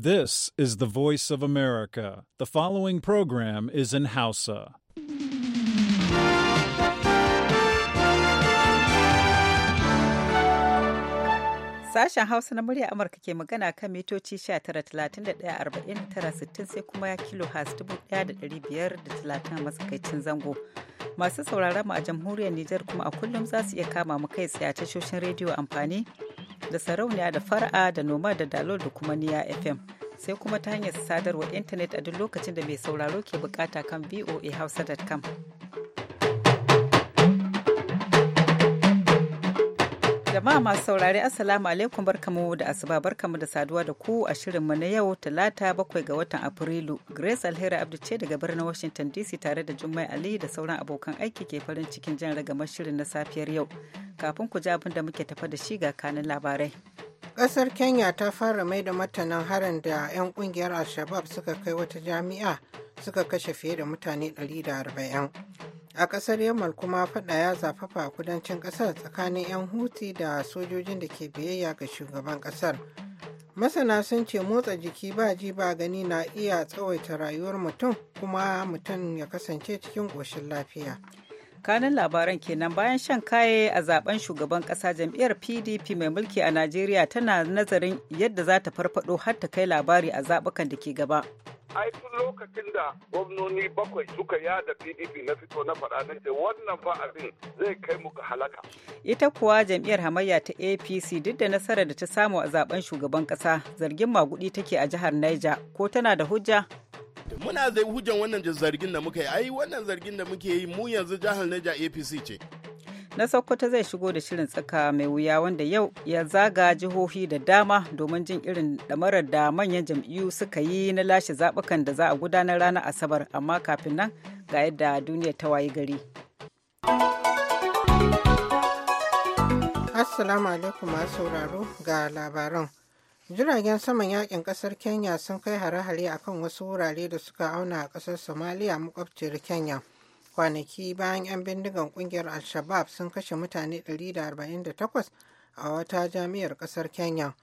This is the voice of America. The following program is in Hausa. Sashen Hausa na murya Amurka ke magana kan mitoci 19,31,49,60 sai kuma ya kilo has 1,530 matsakaicin zango. Masu sauraron mu a jamhuriyar Nijar kuma a kullum za su iya kama mu kai tsaye a tashoshin rediyo amfani da sarauniya da fara'a da noma da dalol da kuma niya fm sai kuma ta hanyar sadarwa intanet a duk lokacin da mai sauraro ke bukata kan voahausa.com Jama'a masu saurari Assalamu alaikum barkamu da asuba barkamu da saduwa da ku a shirinmu na yau talata bakwai ga watan Afrilu. Grace Alheri Abdu ce daga birnin Washington DC tare da Jummai Ali da sauran abokan aiki ke farin cikin jan ragamar shirin na safiyar yau. Kafin ku ji abin da muke tafa da shi ga kanin labarai. Ƙasar Kenya ta fara mai da matanan harin da 'yan kungiyar al shabab suka kai wata jami'a suka kashe fiye da mutane 140. a kasar yamal kuma fada ya zafafa a kudancin kasar tsakanin 'yan huti da sojojin da ke biyayya ga shugaban kasar masana sun ce motsa jiki ba ji ba gani na iya tsawaita rayuwar mutum kuma mutum ya kasance cikin ƙoshin lafiya kanin labaran kenan bayan shan kaye a zaben shugaban kasa jam'iyyar pdp mai mulki a najeriya tana nazarin yadda za ta farfado har ta kai labari a zabukan da ke gaba ai tun lokacin da gwamnoni bakwai suka yada pdp na fito na faɗa na wannan fa abin zai kai mu ga halaka ita kuwa jam'iyyar hamayya ta apc duk da nasarar da ta samu a zaben shugaban ƙasa zargin magudi take a jihar niger ko tana da hujja muna zai hujjan wannan zargin da muka yi ai wannan zargin da muke yi mu yanzu jihar niger apc ce na sokoto zai shigo da shirin tsaka mai wuya wanda yau ya zaga jihohi da dama domin jin irin damarar da manyan jam'iyyu suka yi na lashe zaɓukan da za a gudanar ranar asabar amma kafin nan ga yadda duniya ta wayi gari assalamu alaikum masu sauraro ga labaran jiragen saman yakin kasar kenya sun kai hare-hare akan wasu wurare da suka auna a kasar somalia makwabciyar kenya kwanaki bayan 'yan bindigan kungiyar al-shabab sun kashe mutane 148 a wata jami'ar kasar kenya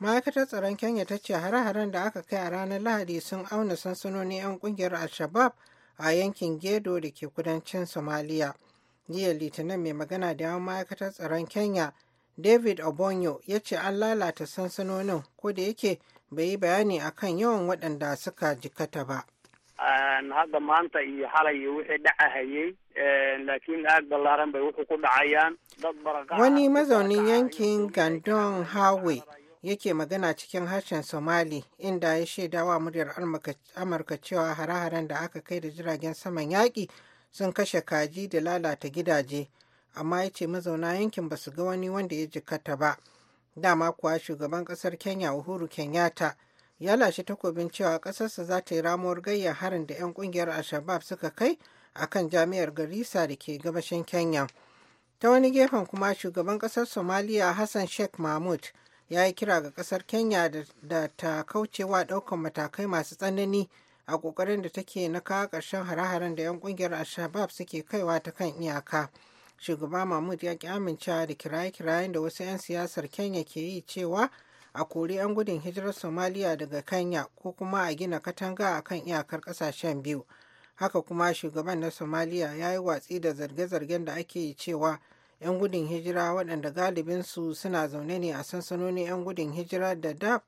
ma'aikatar tsaron kenya ta ce hare-haren da aka kai a ranar lahadi sun auna sansanonin 'yan kungiyar al-shabab a yankin gedo da ke kudancin somaliya jiya litinin mai magana da yawan ma'aikatar tsaron kenya david obonyo ya ce an lalata sansanonin ko da yake bai yi bayani akan yawan waɗanda suka jikata ba hadda maanta iyo xalay wixii dhacahayey laakiin aad ballaaran bay wuxuu ku dhacayaan dad baraa wani mazaunin yankin gandon hawe yake magana cikin harshen somali inda ya shaida wa muryar amurka cewa hare-haren da aka kai da jiragen saman yaƙi sun kashe kaji da lalata gidaje amma ya ce mazauna yankin ba su ga wani wanda ya jikata ba dama kuwa shugaban ƙasar kenya uhuru kenyatta ya lashe takobin cewa ƙasarsa za ta yi ramuwar gayya harin da 'yan ƙungiyar al suka kai a kan jami'ar garisa da ke gabashin Kenya. Ta wani gefen kuma shugaban ƙasar Somaliya Hassan Sheikh Mahmud ya yi kira ga ƙasar Kenya da ta kaucewa ɗaukan matakai masu tsanani a ƙoƙarin da take na kawo ƙarshen hare-haren da 'yan ƙungiyar al suke kaiwa ta kan iyaka. Shugaba Mahmud ya ki amincewa da kiraye-kirayen da wasu 'yan siyasar Kenya ke yi cewa a kori 'yan gudun hijirar somaliya daga kenya ko kuma a gina katanga a kan iyakar kasashen biyu haka kuma shugaban na somaliya ya yi watsi da zarge-zargen da ake yi cewa 'yan gudun hijira waɗanda galibinsu suna zaune ne a sansanonin 'yan gudun hijira da dab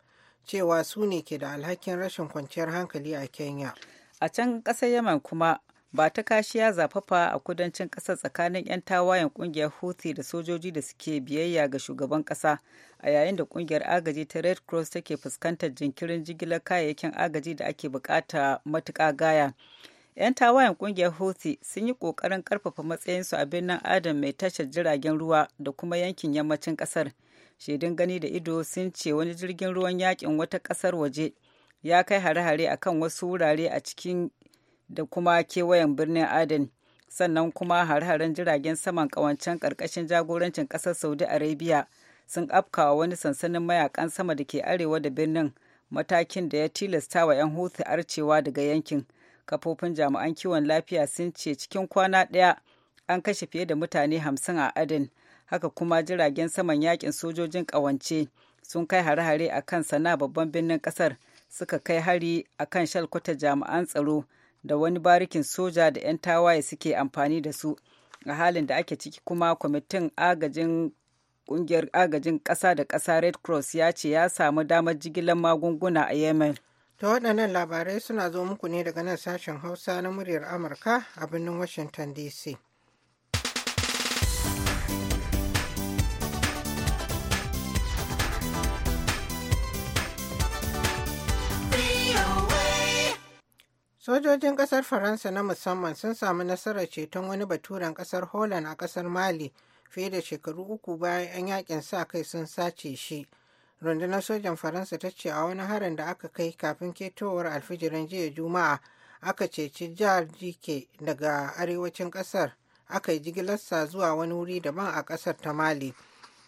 cewa su ne ke da alhakin rashin kwanciyar hankali a kenya a can ƙasar yaman kuma ba ta kashiya zafafa a kudancin ƙasar tsakanin 'yan tawayen ƙungiyar houthi da sojoji da suke biyayya ga shugaban ƙasa a yayin da ƙungiyar agaji ta red cross take fuskantar jinkirin jigilar kayayyakin agaji da ake bukata matuƙa gaya 'yan tawayen ƙungiyar houthi sun yi ƙoƙarin ƙarfafa matsayinsu a birnin adam mai tashar jiragen ruwa da kuma yankin yammacin ƙasar shaidun gani da ido sun ce wani jirgin ruwan yakin wata ƙasar waje ya kai hare-hare a kan wasu wurare a cikin da kuma kewayen birnin Aden. Sannan kuma har-haren jiragen saman kawancen karkashin jagorancin ƙasar Saudi Arabia sun afkawa wani sansanin mayakan sama da ke arewa da birnin matakin da ya tilasta wa 'yan hutu arcewa daga yankin. Kafofin jami'an kiwon lafiya sun ce cikin kwana ɗaya an kashe fiye da mutane hamsin a Aden. Haka kuma jiragen saman yakin sojojin ƙawance sun kai hare-hare a kan sana babban birnin ƙasar suka kai hari a kan shalkwata jami'an tsaro da wani barikin soja da 'yan tawaye suke amfani da su a halin da ake ciki kuma kwamitin agajin kungiyar agajin ƙasa da ƙasa red cross ya ce ya samu damar jigilar magunguna a yemen ta waɗannan labarai suna zo muku ne daga nan sashen hausa na muryar amurka a birnin washington dc Sojojin ƙasar Faransa na musamman sun samu nasarar ceton wani baturen ƙasar Holland a ƙasar Mali fiye da shekaru uku bayan 'yan yakin sa kai sun sace shi. Rundunar sojan Faransa ta ce a wani harin da aka kai kafin ketowar alfijirin jiya Juma'a aka ceci jihar Jike daga arewacin ƙasar aka yi jigilarsa zuwa wani wuri daban a ƙasar ta Mali.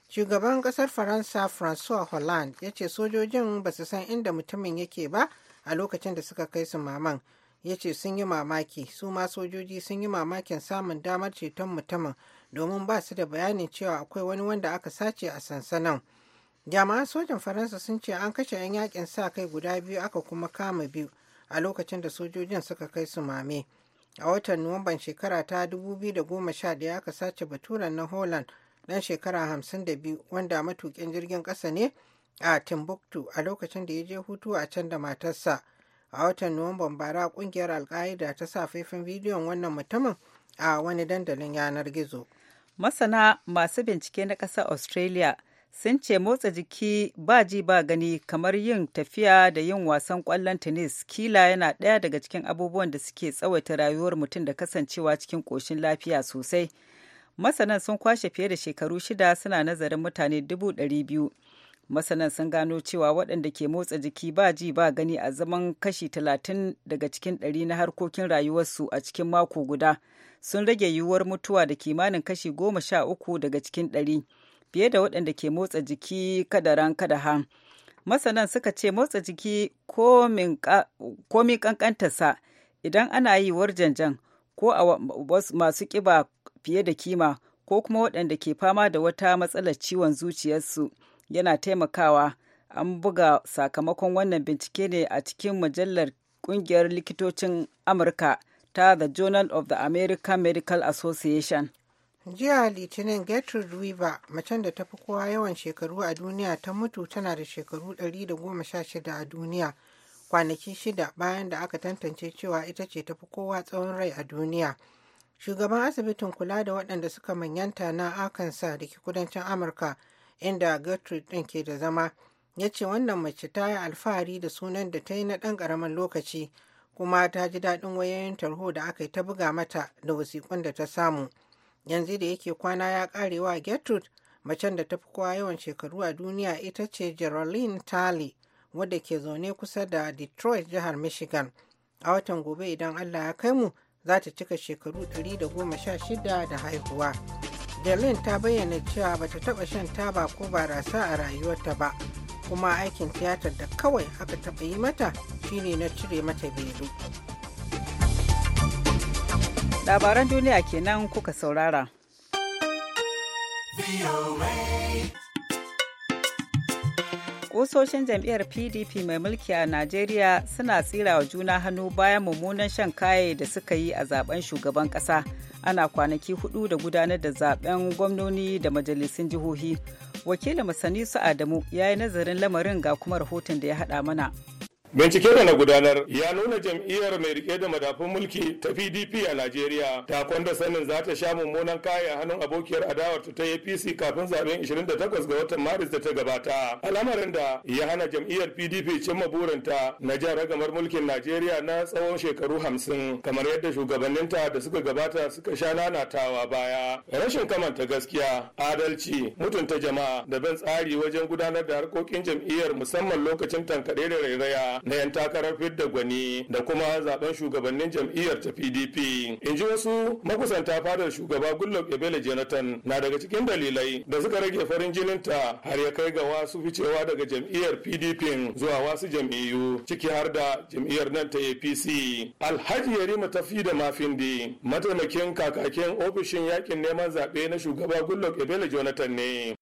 Shugaban ƙasar Faransa François Hollande ya ce sojojin ba su san inda mutumin yake ba a lokacin da suka kai su maman. ya ce sun yi mamaki su ma sojoji sun yi mamakin samun damar ceton mutumin domin ba su da bayanin cewa akwai wani wanda aka sace a sansanin jama'an sojan faransa sun ce an kashe 'yan yakin sa kai guda biyu aka kuma kama biyu a lokacin da sojojin suka kai su mame a watan nuwamban shekara ta 2011 aka sace baturen na holland dan shekara 52 wanda matukin jirgin ƙasa ne a timbuktu a lokacin da ya je hutu a can da matarsa a watan nuwamban bara kungiyar alka'ida ta sa faifin bidiyon wannan mutumin a wani dandalin yanar gizo masana masu bincike na ƙasar australia sun ce motsa jiki ba ji ba gani kamar yin tafiya da yin wasan kwallon tennis kila yana ɗaya daga cikin abubuwan da suke tsawaita rayuwar mutum da kasancewa cikin koshin lafiya sosai masanan sun kwashe fiye da shekaru shida suna nazarin mutane dubu ɗari biyu masanan sun gano cewa waɗanda ke motsa jiki ba ji ba gani a zaman kashi talatin daga cikin ɗari na harkokin rayuwarsu a cikin mako guda sun rage yiwuwar mutuwa da kimanin kashi goma sha uku daga cikin ɗari fiye da waɗanda ke motsa jiki kadaran ha masanan suka ce motsa jiki komi kankantarsa idan ana yi janjan ko a masu kiba fiye da kima ko kuma waɗanda ke fama da wata matsalar ciwon zuciyarsu yana taimakawa an buga sakamakon wannan bincike ne a cikin mujallar kungiyar likitocin amurka ta the journal of the american medical association jiya litinin gertrude weaver macen da tafi kowa yawan shekaru a duniya ta mutu tana da shekaru 116 a duniya kwanaki shida bayan da aka tantance cewa ita ce tafi kowa tsawon rai a duniya shugaban asibitin kula da waɗanda suka manyanta na arkansas da ke kudancin amurka inda gertrude ɗin ke da zama ya ce wannan mace ta yi alfahari da sunan da ta yi na ɗan ƙaramin lokaci kuma ta ji daɗin wayoyin tarho da aka yi ta buga mata da wasiƙun da ta samu yanzu da yake kwana ya ƙarewa gertrude macen da ta fi kowa yawan shekaru a duniya ita ce geraldine talley wadda ke zaune kusa da detroit jihar michigan a watan gobe idan allah ya kai mu za ta cika shekaru 116 da haihuwa berlin ta bayyana cewa bata taba shan taba ko barasa a rayuwarta ba kuma aikin tiyatar da kawai aka taba yi mata shine na cire mata bebe. Labaran duniya kenan kuka saurara. Ƙososhin jam'iyyar PDP mai mulki a Najeriya suna tsirawa juna hannu bayan mummunan shan kaye da suka yi a zaben shugaban kasa. ana kwanaki hudu da gudanar da zaben gwamnoni da majalisun jihohi wakilin masani su adamu ya yi nazarin lamarin ga kuma rahoton da ya haɗa mana Bincike da na gudanar ya nuna jam'iyyar mai rike da madafun mulki ta PDP a Najeriya ta kwanda sanin za ta sha mummunan kaya hannun abokiyar adawar ta APC kafin zaben 28 ga watan Maris da ta gabata. Al'amarin da ya hana jam'iyyar PDP cimma burinta na jan ragamar mulkin Najeriya na tsawon shekaru 50 kamar yadda shugabanninta da suka gabata suka sha nanatawa baya. Rashin kamanta gaskiya, adalci, mutunta jama'a da ban tsari wajen gudanar da harkokin jam'iyyar musamman lokacin tankaɗe da rairaya na 'yan takarar fidda gwani da kuma zaben shugabannin jam'iyyar ta pdp in ji wasu makusanta fadar shugaba Gullo ebele jonathan na daga cikin dalilai da suka rage farin jinin ta har ya kai ga wasu ficewa daga jam'iyyar pdp zuwa wasu jam'iyyu ciki har da jam'iyyar nan ta apc alhaji yarima tafi da mafindi mataimakin kakakin ofishin yakin neman zaɓe na shugaba Gullo ebele jonathan ne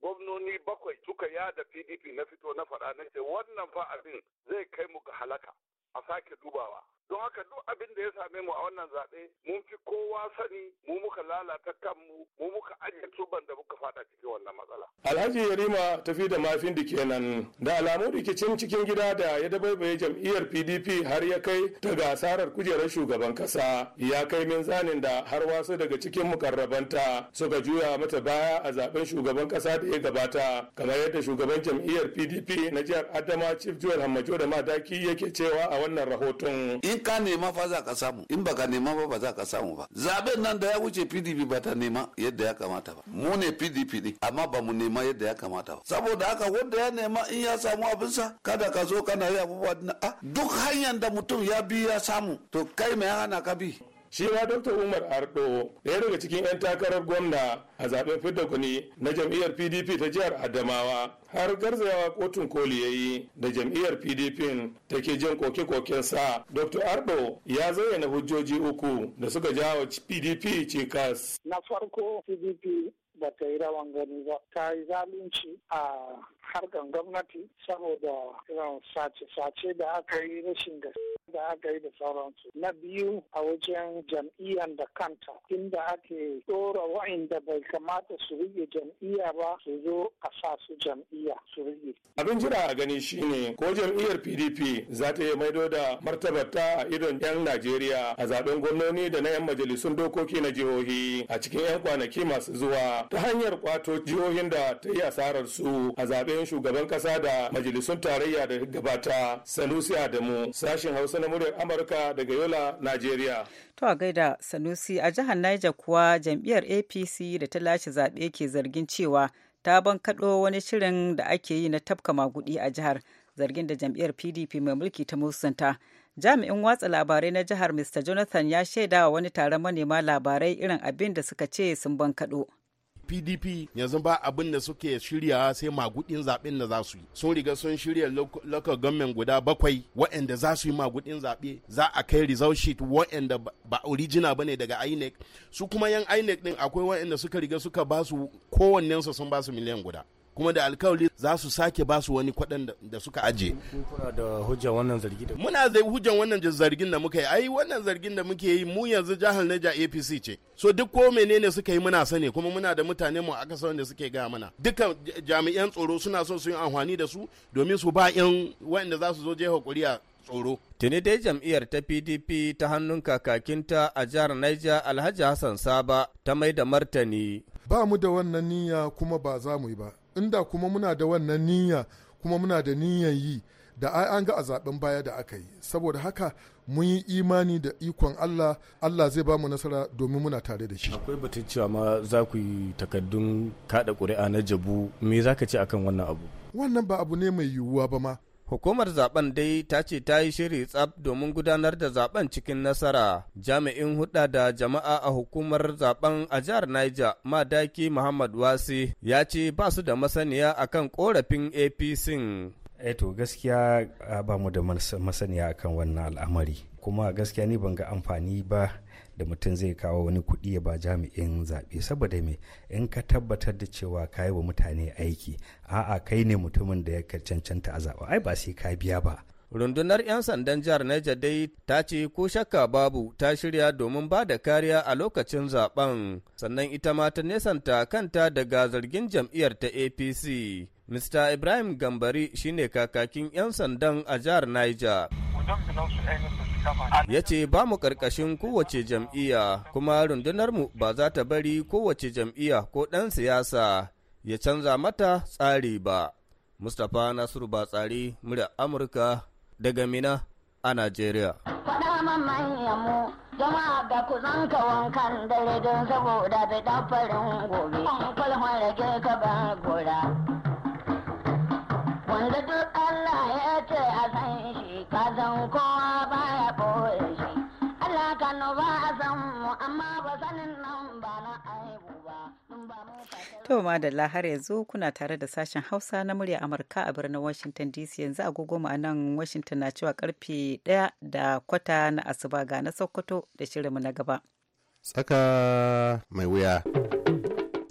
gwamnoni bakwai suka yada pdp na fito na faɗa na ce wannan fa abin zai kai mu ga halaka a sake dubawa don haka duk abin da ya same mu a wannan zaɓe mun fi kowa sani mu muka lalata kanmu mu muka ajiye tuban da muka fada cikin wannan matsala. Alhaji Yarima tafi da mafin da kenan da alamu rikicin cikin gida da ya dabaibaye jam'iyyar PDP har ya kai ta gasarar kujerar shugaban kasa ya kai min zanin da har wasu daga cikin mukarrabanta suka juya mata baya a zaben shugaban kasa da ya gabata kamar yadda shugaban jam'iyyar PDP na jihar Adama Chief Joel Hammajo da Madaki yake cewa a wannan rahoton. in ka nema fa za ka samu in baka nema ba ba za ka samu ba zaben nan da ya wuce pdp ba ta nema yadda ya kamata ba mu ne pdp ne amma ba mu nema yadda ya kamata ba saboda haka wanda ya nema in ya samu abin sa kada ka zo kana yi abubuwa duk hanyar da mutum ya bi ya samu to kai mai hana ka bi shi ma dr umar ardo daya daga cikin 'yan takarar gwamna a zaben fidda kuni na jam'iyyar pdp ta jihar adamawa har garzayawa kotun koli ya yi da jam'iyyar pdp take jin koke-koken sa dr ardo ya zayyana hujjoji uku da suka jawo pdp cikas na farko pdp ba ta yi rawan gani ba ta yi zalunci a harkar gwamnati saboda irin sace-sace da aka yi rashin gaske da aka yi da sauransu. Na biyu a wajen jam'iyyar da kanta inda ake ɗora wa'inda bai kamata su rige jam'iyya ba su zo a sa su jam'iyya su rige. Abin jira a gani shine ko jam'iyyar PDP za ta iya maido da martabarta a idon 'yan Najeriya a zaben gwamnoni da na 'yan majalisun dokoki na jihohi a cikin 'yan kwanaki masu zuwa ta hanyar kwato jihohin da ta yi asarar su a zaben shugaban kasa da majalisun tarayya da gabata Sanusi Adamu sashen Hausa Hausa na muryar Amurka daga Yola, Najeriya. To a gaida Sanusi a jihar Niger kuwa jam'iyyar APC da ta lashe zaɓe ke zargin cewa ta bankaɗo wani shirin da ake yi na tafka maguɗi a jihar zargin da jam'iyyar PDP mai mulki ta musanta. Jami'in watsa labarai na jihar Mr. Jonathan ya shaida wa wani taron manema labarai irin abin da suka ce sun bankaɗo. pdp yanzu ba abin da suke shirya sai magudin zaɓen da za su yi sun riga sun shirya local government guda bakwai waɗanda za su yi magudin zaɓe za a kai result sheet waɗanda ba original ne daga inec su kuma yan inec ɗin akwai waɗanda suka riga suka ba su kowannensu sun ba su miliyan guda kuma da alkawali za su sake ba su wani kwaɗan da suka aje. da hujjan wannan zargi da Muna da hujjan wannan zargin da muka yi, ai wannan zargin da muke yi mu yanzu jihar Neja APC ce. So duk ko menene suka yi muna sani kuma muna da mutane mu aka san da suke gaya mana. Dukkan jami'an tsoro suna so su yi amfani da su domin su ba 'yan waɗanda za su zo jefa kuri'a tsoro. Tuni dai jam'iyyar ta PDP ta hannun kakakinta a jihar Niger Alhaji Hassan Saba ta mai da martani. Ba mu da wannan niyya kuma ba za mu yi ba. inda kuma muna da wannan niyya kuma muna da niyyan yi da ai an ga a zaben baya da aka yi saboda haka mun yi imani da ikon Allah Allah zai ba mu nasara domin muna tare da shi akwai batun cewa ma za ku yi takaddun kada ƙuri'a na jabu me za ka ce akan wannan abu wannan ba abu ne mai yiwuwa ba ma Hukumar zaben dai ta ce ta yi shiri tsaf domin gudanar da zaben cikin nasara. Jami'in huɗa da jama'a a hukumar zaben a jihar Niger, Madaki Muhammad Wasi, ya ce ba su da masaniya akan korafin APC. Eh to gaskiya ba mu da masaniya akan wannan al'amari. Kuma gaskiya ni ban ga amfani ba da mutum zai kawo wani kuɗi ya ba jami'in zaɓe saboda me in ka tabbatar da cewa ka yi wa mutane aiki a'a kai ne mutumin da ya cancanta a zaɓa ai ba sai ka biya ba rundunar 'yan sandan jihar Niger dai ta ce ko shakka babu ta shirya domin ba da kariya a lokacin zaben sannan ita ma ta nesanta kanta daga zargin jam'iyyar ta APC. Mr. Ibrahim Gambari shine kakakin 'yan sandan a jihar Niger. Ya ce ba mu karkashin kowace jam'iyya kuma rundunar mu ba za ta bari kowace jam'iyya ko ɗan siyasa ya canza mata tsari ba. Mustapha Nasiru ba tsari murya Amurka daga Mina a Najeriya. manyan jama'a da ku ka wankan dare don saboda bai farin gobe. rage ka ban gora. Wanda duk Allah ya ce a san shi ka zan kowa To madalla har yanzu kuna tare da sashen Hausa na murya Amurka a birnin Washington DC yanzu agogo mu a nan Washington na cewa karfe 1 da kwata na asuba ga na Sokoto da shirinmu na gaba. Tsaka mai wuya.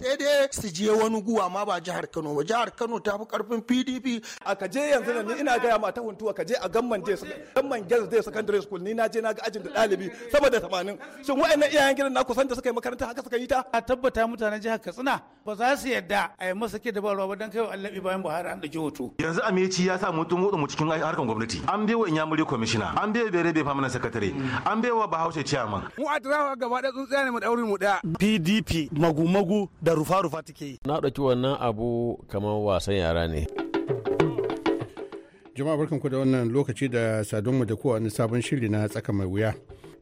Daidai su je wani guwa ma ba jihar Kano ba jihar Kano ta fi karfin PDP a ka je yanzu nan ni ina gaya ma ta huntuwa ka je a gamman je gamman girls day secondary school ni na je na ga ajin da dalibi sama da 80 shin wa'annan iyayen gidan na kusan da suka yi makaranta haka suka yi ta a tabbata mutanen jihar Katsina ba za su yadda a yi masa ke da ba ruwa ba dan kai wa Allah bayan Buhari an dake hoto yanzu Ameci ya sa mutum hudu mu cikin harkan gwamnati an bai wa Inyamuri commissioner an bai bere bai famana secretary an bai wa Bahaushe chairman mu a gaba da tsuntsiya ne mu dauri mu da PDP magu-magu da rufa-rufa tsufa take yi na ɗauki wannan abu kamar wasan yara ne jama'a barkanku da wannan lokaci da sadonmu da kowa wani sabon shiri na tsaka mai wuya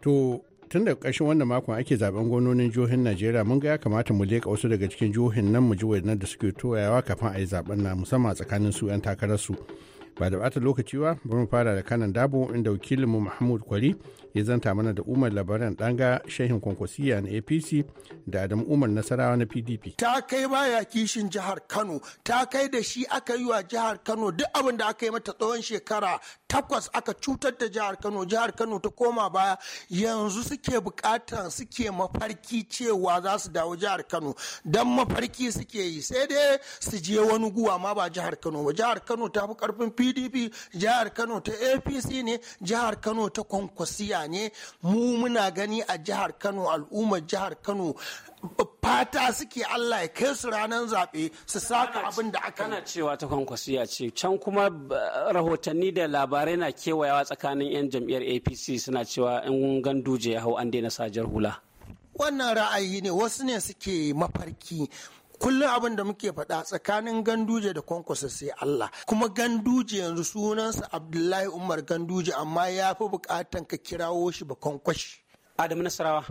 to tun da ƙarshen wannan makon ake zaben gwamnonin jihohin najeriya mun ga ya kamata mu leƙa wasu daga cikin jihohin nan mu ji wadannan da suke toyawa kafin a yi zaben na musamman tsakanin su 'yan takararsu ba da bata lokaci ba bari mu fara da kanan dabo inda wakilinmu mahmud kwari ya zanta mana da umar labaran danga shehin kwankwasiya na apc da adam umar nasarawa na pdp ta kai baya kishin jihar kano ta kai da shi aka yi wa jihar kano duk abin da aka yi mata tsawon shekara takwas aka cutar da jihar kano jihar kano ta koma baya yanzu suke bukatar suke mafarki cewa za su dawo jihar kano don mafarki suke yi sai dai su je wani guwa ma ba jihar kano ba jihar kano ta fi karfin pdp jihar kano ta apc ne jihar kano ta kwankwasiya mutane mu muna gani a jihar kano al'ummar jihar kano fata suke Allah ya kai su ranar zaɓe su saka abin da aka kana cewa ta kwankwasiya ce can kuma rahotanni da labarai na kewayawa tsakanin 'yan jam'iyyar apc suna cewa in ganduje ya hau an daina sajar hula wannan ra'ayi ne wasu ne suke mafarki kullum abin da muke faɗa tsakanin ganduje da kwankwasa sai Allah kuma ganduje yanzu sunansa Abdullahi Umar ganduje amma ya fi bukatan ka kirawo shi ba kwankwashi Adamu Nasarawa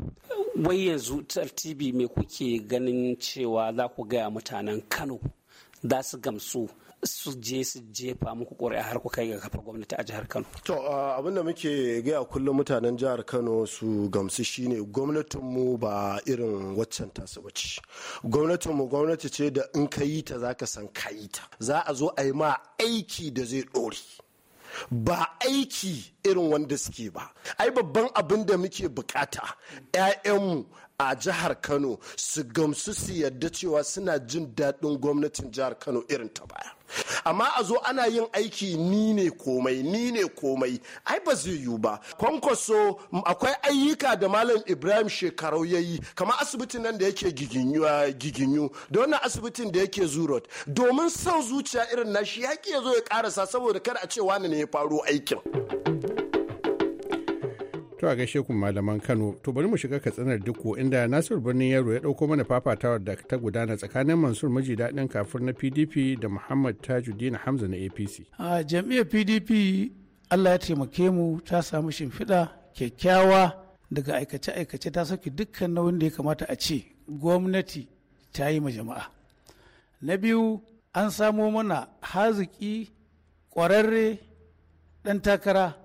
wai yanzu TV me kuke ganin cewa za ku gaya mutanen Kano za su gamsu su je su jefa muku ƙuri'a har ku kai ga kafa gwamnati a jihar Kano. To abin muke gaya kullum mutanen jihar Kano su gamsu shine gwamnatinmu ba irin waccan tasu bace. Gwamnatinmu gwamnati ce da in ka yi ta zaka san ka yi ta. Za a zo a yi ma aiki da zai ɗore. ba aiki irin wanda suke ba ai babban abin da muke bukata 'ya'yanmu a jihar kano su gamsu su yadda cewa suna jin daɗin gwamnatin jihar kano irin ta baya amma a zo ana yin aiki ni ne komai ni ne komai ai ba zai yiwu ba kwankwaso akwai ayyuka da malam ibrahim shekarau ya yi kamar asibitin nan da yake giginyu da wannan asibitin da yake zurot domin son zuciya irin nashi yaƙi ya zo ya ƙarasa saboda kada a ce wani ne ya faro aikin To a gaishe ku malaman Kano, to bari mu shiga katsinar duku inda Nasiru Birnin Yaro ya dauko mana fafatawar da ta gudana tsakanin Mansur Maji daɗin kafur na PDP da Muhammad Tajuddin Hamza na APC. A jam'iyyar PDP Allah ya taimake mu ta samu shimfiɗa kyakkyawa daga aikace-aikace ta sauke dukkan nauyin da ya kamata a ce gwamnati ta yi ma jama'a. Na biyu an samo mana haziki ƙwararre ɗan takara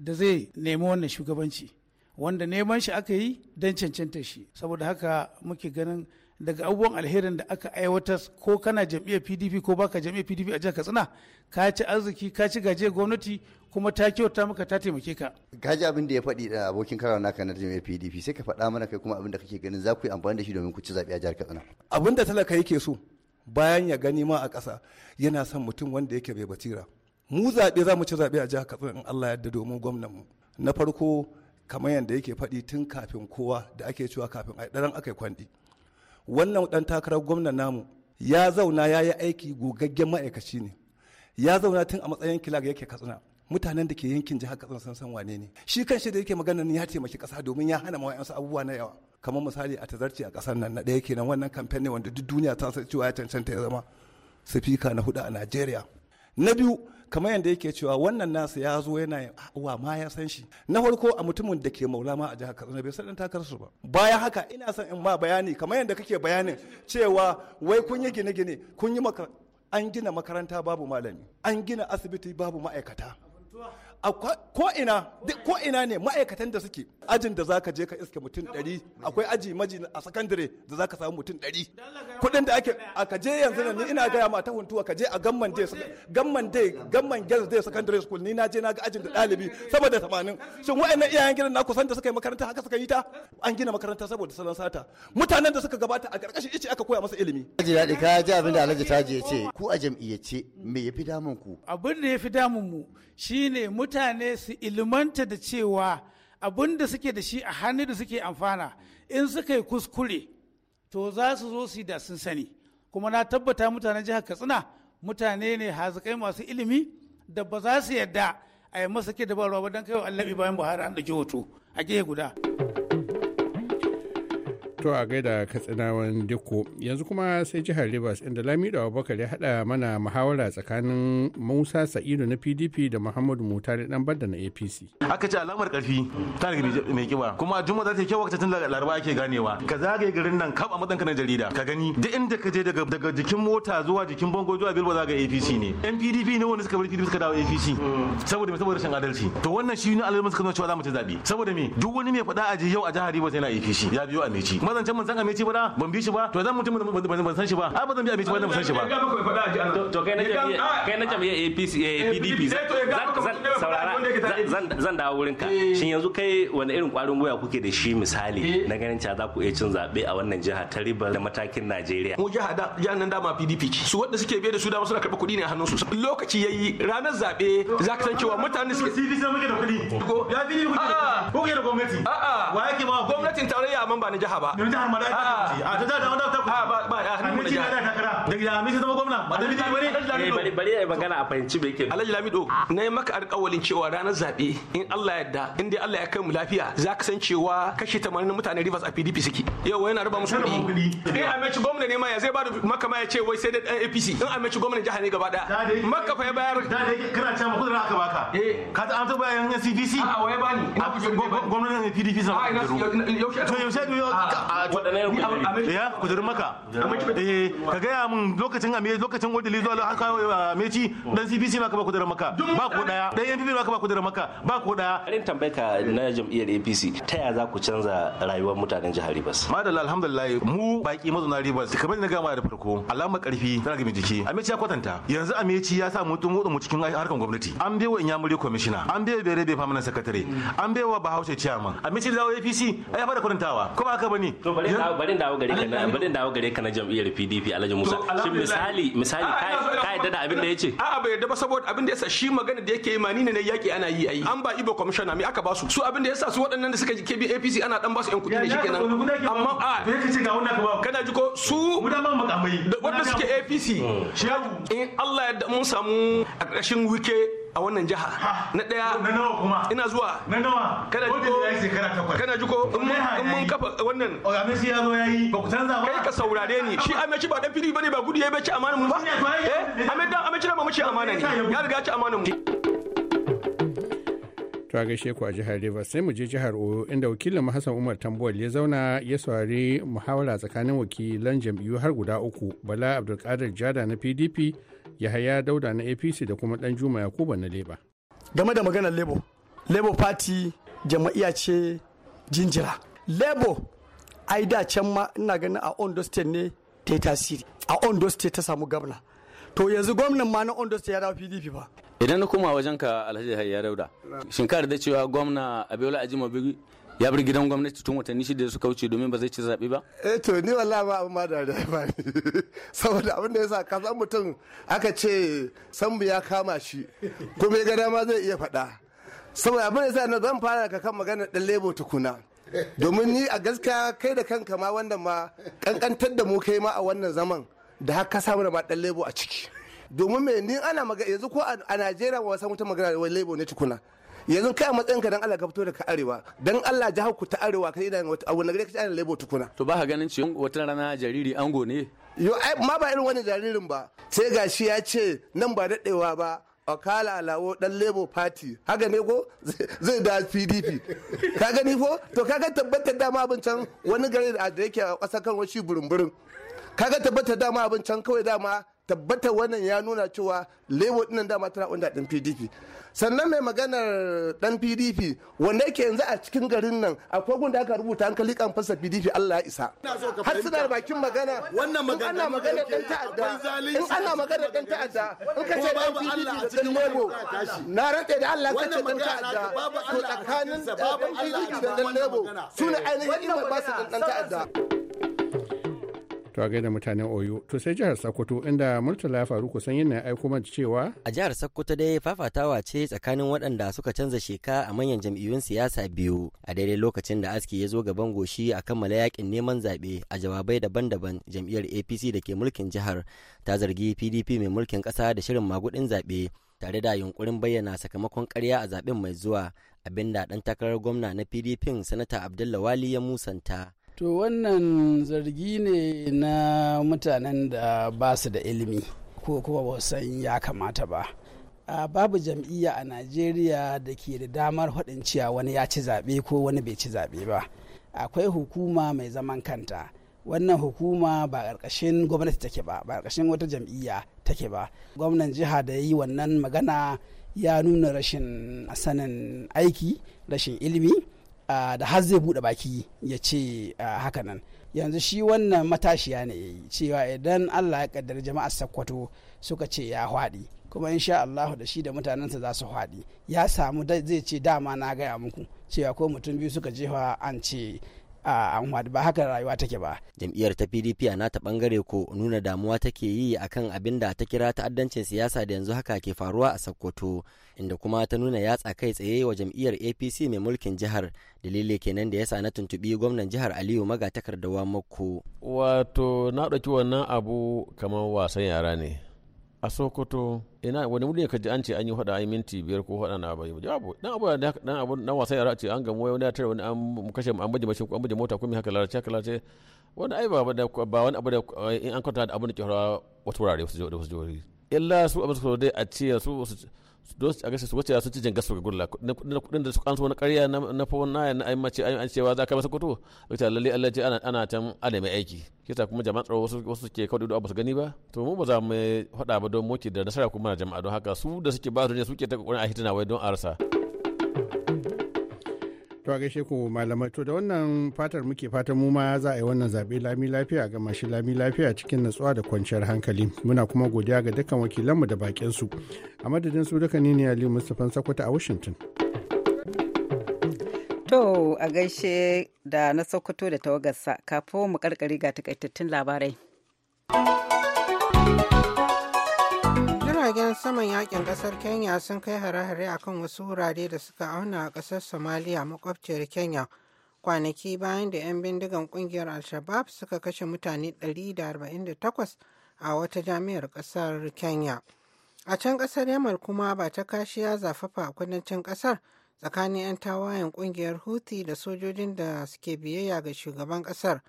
da zai nemi wannan shugabanci wanda neman shi aka yi don cancanta shi saboda haka muke ganin daga abubuwan alherin da aka aiwata ko kana jam'iyyar pdp ko baka jam'iyyar pdp a jihar katsina ka ci arziki ka ci gaje gwamnati kuma ta kyauta maka ta taimake ka ka ji abin da ya faɗi da abokin karawa naka na jam'iyyar pdp sai ka faɗa mana kai kuma abin da kake ganin za ku yi amfani da shi domin ku ci zaɓe a jihar katsina abin da talaka yake so bayan ya gani ma a ƙasa yana son mutum wanda yake bai batira mu zaɓe za mu ci zaɓe a jihar katsina in allah yadda domin gwamnan mu na farko kamar yadda yake faɗi tun kafin kowa da ake cewa kafin a ɗaran aka yi kwandi wannan ɗan takarar gwamnan namu ya zauna ya yi aiki gogaggen ma'aikaci ne ya zauna tun a matsayin kilag yake katsina mutanen da ke yankin jihar katsina sun san wane ne shi kan shi da yake magana ya taimaki ƙasa domin ya hana mawayansu abubuwa na yawa kamar misali a tazarci a ƙasar nan na ɗaya kenan wannan kamfen ne wanda duk duniya ta san cewa ya cancanta ya zama sifika na hudu a najeriya na biyu kamar yadda yake cewa wannan nasu ya zo yana wa ma ya san shi na farko a mutumin da ke maula a jihar Katsina bai san dan su ba bayan haka ina son in ma bayani kamar yadda kake bayanin cewa wai kun yi gine-gine kun yi maka an gina makaranta babu malami an gina asibiti babu ma'aikata ko ina ko ina ne ma'aikatan da suke ajin da zaka je ka iske mutum ɗari akwai aji maji a sakandare da zaka samu mutum ɗari kuɗin da ake ka je yanzu nan ina gaya ma ta huntuwa ka je a gamman dai gamman dai gamman girls dai secondary school ni na je na ga ajin da ɗalibi saboda tamanin shin wa'annan iyayen gidan na kusan da suka yi makaranta haka suka yi ta an gina makaranta saboda salon sata mutanen da suka gabata a ƙarƙashin ice aka koya masa ilimi. aji daɗi ka ji abin da Alhaji Taji ya ce ku a jam'iyyace me ya fi damun ku? Abin da ya fi damun mu shine mutane su ilmanta da cewa abin da suke da shi a hannu da suke amfana in suka yi kuskure to za su zo su yi da sun sani kuma na tabbata mutanen jihar katsina mutane ne hazikai masu ilimi da ba za su yadda a yi masa ke da ba don kai wa allabi bayan buhari an ɗauki hoto a giya guda. To a gaida katsinawan diko yanzu kuma sai jihar Rivers inda Lamido Abubakar ya hada mana muhawara tsakanin Musa Sa'idu na PDP da Muhammadu Mutare dan Badda na APC. Aka ce alamar karfi ta daga mai kiba kuma Juma za ta kyau wakata tun Laraba ake ganewa. Ka zagaye garin nan kaf a matsan na jarida ka gani duk inda ka je daga daga jikin mota zuwa jikin bango zuwa Bilbo za ga APC ne. Yan PDP ne wanda suka bar PDP suka dawo APC saboda me saboda rashin adalci. To wannan shi ne alamar suka zo cewa za mu ci zabi saboda me duk wani mai faɗa a yau a jihar Rivers yana APC ya biyo a meci. amma zancen ban san amici ba da ban bi shi ba to zan mutum ban san shi ba ai ba zan bi amici ba zan san shi ba to kai na jami'a kai na jami'a APC PDP eh, saurara zan dawo wurin ka eh. shin yanzu kai wani irin kwarin goya kuke da shi misali eh. na ganin cewa za ku iya cin zabe a wannan jiha ta riba da matakin Najeriya mu jiha da jihar nan dama PDP ce su wanda suke biye da su dama suna karɓa kuɗi ne a hannun su lokaci yayi ranar zabe za ka san cewa mutane suke CDC muke da kuɗi ya fi ni kuɗi ko ke da gwamnati a'a wa yake ba gwamnatin tarayya amma ba na jiha ba yanzu jihar madara ta ah. ah, a ta ta kuce ah, ba ba a hannun da takara da jihar mai zama gwamna ba da jihar eh, bari bari magana a fahimci me yake Alhaji Lamido na yi maka alƙawalin cewa ranar zabe in Allah ya yarda in dai Allah ya kai mu lafiya za ka san cewa kashi 80 na mutanen Rivers a PDP suke yau yana raba musu kuɗi eh a mace gwamna ne ma ya zai ba da maka ma ya ce wai sai dai dan APC in a mace gwamna jihar ne gaba daya maka fa ya bayar da dai kana cewa kudura aka baka eh. ka ta an bayan CDC a waye bani gwamnatin PDP ya kudurin maka eh ka gaya min lokacin ame lokacin odili zuwa har kawo eh, meci dan cbc ma ka ba kudurin maka ba ko daya dan npp ma ka ba kudurin maka ba ko daya rin tambayar ka na jam'iyyar apc ta y'a za ku canza rayuwar mutanen jihar ribas madalla alhamdulillah mu baki mazauna rivers kamar na gama da farko Alama karfi tana ga jiki ameci ya kwatanta yanzu ameci ya sa mutum mu cikin harkar gwamnati an bai wa inyamuri kwamishina an bai bere bai famanan sakatare an bai wa bahaushe ciyaman ameci da apc ai fara kwatantawa kuma haka bane to bari dawo bari dawo gare ka bari dawo gare ka na jam'iyyar PDP Alhaji Musa shin misali misali ka yadda da abin da yace a'a bai yadda ba saboda abin da yasa shi magana da yake yi mani ne na yaki ana yi ayi an ba Ibo commissioner me aka ba su su abin da yasa su waɗannan da suka ji KB APC ana dan ba su yan kuɗi ne shikenan amma a bai kace ga wannan ka ba kana ji ko su mu da ma makamai wanda suke APC in Allah ya mun samu a ƙarshen wike a wannan jiha na daya ina zuwa na nawa kana jiko kana jiko in mun kafa wannan oh, yayi ba ku canza ba kai ka saurare ni shi ameci ba dan fili bane ba gudu yayi bace amanan mu ba eh ameci dan ameci ba mace amana ne ya riga ci amanan mu to a gaishe ku a jihar Rivers sai mu je jihar Oyo inda wakilin mu Hassan Umar Tambuwal ya zauna ya saurari muhawara tsakanin wakilan jam'iyyu har guda uku Bala Abdulkadir Jada na PDP yahaya dauda na apc da kuma dan juma yakuba na leba game da maganar lebo lebo party jama'iya ce jinjira lebo ai da can ma ina ganin a ondo state ne ta tasiri a ondo state ta samu gabna to yanzu gwamnan ma na ondo state ya dawo pdp ba idan na koma wajen ka alhaji ya dauda ka da cewa gwamna abiola ajimobi ya bar gidan gwamnati tun watanni shida da suka wuce domin ba zai ci zaɓe ba? eh to ni wallahi ba abin da da ba saboda abin da yasa ka san mutum aka ce sambu ya kama shi kuma ya gada ma zai iya faɗa saboda abin da sa na zan fara ka kan magana ɗan lebo tukuna domin ni a gaskiya kai da kanka ma wannan ma kankantar da mu kai ma a wannan zaman da haka samu da ma ɗan lebo a ciki domin me ni ana magana yanzu ko a Najeriya wasan san wata magana wai lebo ne tukuna yanzu kai a matsayinka dan Allah ka fito daga arewa dan Allah jihar ku ta arewa kai da wata abu na gare ka ana lebo tukuna to ba ka ganin ci wata rana jariri ango ne yo ai ma ba irin wani jaririn ba sai gashi ya ce nan ba dadewa ba wakala Alawo dan lebo Party haka ne ko zai da PDP ka gani ko to kaga tabbatar dama abin can wani gari da yake a ƙasar kan wani burin-burin kaga tabbatar dama abin can kawai dama tabbata wannan ya nuna cewa lebo dinnan dama tana wanda dan pdp sannan mai maganar dan pdp wanda yake yanzu a cikin garin nan akwai gunda aka rubuta an kalli kan fasa pdp allah ya isa har suna bakin magana wannan magana ana magana dan ta'adda in ana magana dan ta'adda in ka ce dan pdp da dan lebo na rantsa da allah ka ce dan ta'adda to tsakanin dan eh, pdp da dan lebo su ne eh. ainihin ba su dan ta'adda to a gaida mutanen oyo to sai jihar sokoto inda murtala faruku yin na aiko mana cewa a jihar sokoto dai fafatawa ce tsakanin waɗanda suka canza sheka a manyan jam'iyyun siyasa biyu a daidai lokacin da aski ya zo gaban goshi a kammala yakin neman zaɓe a jawabai daban-daban jam'iyyar apc da ke mulkin jihar ta zargi pdp mai mulkin ƙasa da shirin magudin zaɓe tare da yunkurin bayyana sakamakon karya a zaɓen mai zuwa abinda dan takarar gwamna na pdp sanata abdullawali ya musanta to wannan zargi ne na mutanen da ba su da ilimi ko kuma ba san ya kamata ba a babu jam'iyya a najeriya da ke da damar haɗin cewa wani ya ci zaɓe ko wani bai ci zaɓe ba akwai hukuma mai zaman kanta wannan hukuma ba ƙarƙashin gwamnati take ba ba ƙarƙashin wata jam'iyya take ba gwamnan jiha da ya yi wannan magana ya nuna rashin sanin aiki rashin ilimi Ah, da har zai buɗe baki ya ce ah, haka nan yanzu shi wannan matashiya ne cewa idan allah ya kaddar jama'ar sakkwato suka ce ya haɗi kuma in sha allahu da shi da mutanensa za su haɗi ya samu zai ce dama na gaya muku cewa ko mutum biyu suka jefa an ce a anwa ba haka rayuwa take ba jam'iyyar ta pdp a nata bangare ko nuna damuwa take yi akan abin da ta kira ta'addancin siyasa da yanzu haka ke faruwa a sokoto inda kuma ta nuna yatsa kai tsaye wa jam'iyyar apc mai mulkin jihar dalilai kenan da yasa na tuntubi gwamnan jihar aliyu magatakardawa mako wato na ɗauki wannan abu kamar wasan yara ne a sokoto ina wani wuri ka ji an ce an yi hada minti biyar ko hada na bai jawabu dan abu dan abu dan wasan yara ce an gamu wani ya tare wani an kashe an baje mashi an baje mota kuma haka lalace haka lalace wani ai ba ba wani abu da eh, in an kwanta da abin da ke faruwa wata wurare wasu jihohi illa su abin su dai a ce su don a gaske su wuce sun ci janga su ga kudin da su kanso na karya na fawon naya na ayyuma ce an cewa za ka masa kuto wata lalle Allah ce ana can adama mai aiki kisa kuma jama'a tsaro wasu suke ke kawai da su gani ba to mu ba za mu faɗa ba don moki da nasara kuma jama'a don haka su da suke ba su ne suke ta kokarin a hitina wai don a rasa. To gaishe ku malamai to da wannan fatar muke fatan mu ma za a yi wannan zaɓe lami lafiya ga mashi lami lafiya cikin natsuwa da kwanciyar hankali. Muna kuma godiya ga dukkan wakilanmu da bakin su. A madadin su duka ne ne Aliyu Mustapha Sokoto a Washington. To a gaishe da na Sokoto da tawagarsa kafin mu karkare ga takaitattun labarai. saman yakin kasar Kenya sun kai hare-hare akan wasu wurare da suka auna a kasar Somalia makwabciyar Kenya kwanaki bayan da 'yan bindigan kungiyar Al-Shabab suka kashe mutane 148 a wata jami'ar kasar Kenya. A can kasar Yamal kuma ba ta kashiya zafafa a kudancin kasar tsakanin 'yan tawayen kungiyar Houthi da sojojin da suke biyayya ga shugaban kasar.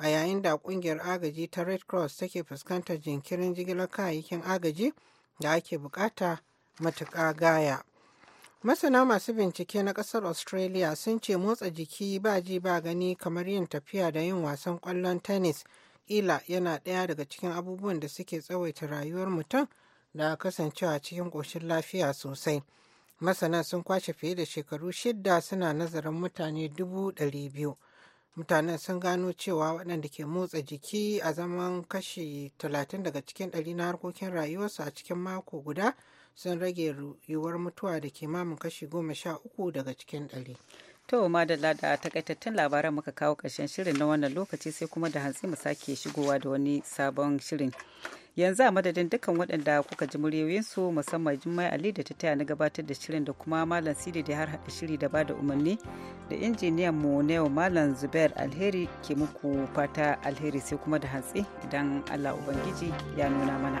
a yayin da kungiyar agaji ta red cross take fuskantar jinkirin jigilar kayayyakin agaji da ake bukata matuƙa gaya. Masana masu bincike na ƙasar Australia sun ce motsa jiki ba ji ba gani kamar yin tafiya da yin wasan ƙwallon tennis ila yana ɗaya daga cikin abubuwan da suke tsawaita rayuwar mutum da kasancewa cikin ƙoshin lafiya sosai. Masana sun kwashe fiye da shekaru shidda suna nazarin mutane dubu ɗari biyu. mutanen sun gano cewa waɗanda ke motsa jiki a zaman kashi 30 daga cikin ɗari na harkokin rayuwarsu a cikin mako guda sun rage yiwuwar mutuwa da kimamin kashi 13 daga cikin ɗari. To madalla da takaitattun labaran muka kawo karshen shirin na wannan lokaci sai kuma da hantsi mu sake shigowa da wani sabon shirin. yanzu a madadin dukkan waɗanda kuka ji muryoyinsu musamman jummai ali da ta taya na gabatar da shirin da kuma malam sidi da har haɗa shiri da bada umarni da injiniyan mu na yau malam zubair alheri ke muku fata alheri sai kuma da hantsi idan allah ubangiji ya nuna mana.